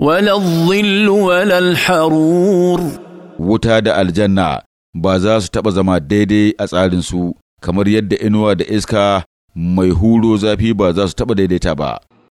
ولا الظل ولا الحرور wuta da aljanna ba za su taɓa zama daidai a tsarin su, kamar yadda inuwa da iska mai huro zafi ba za su taɓa daidaita ba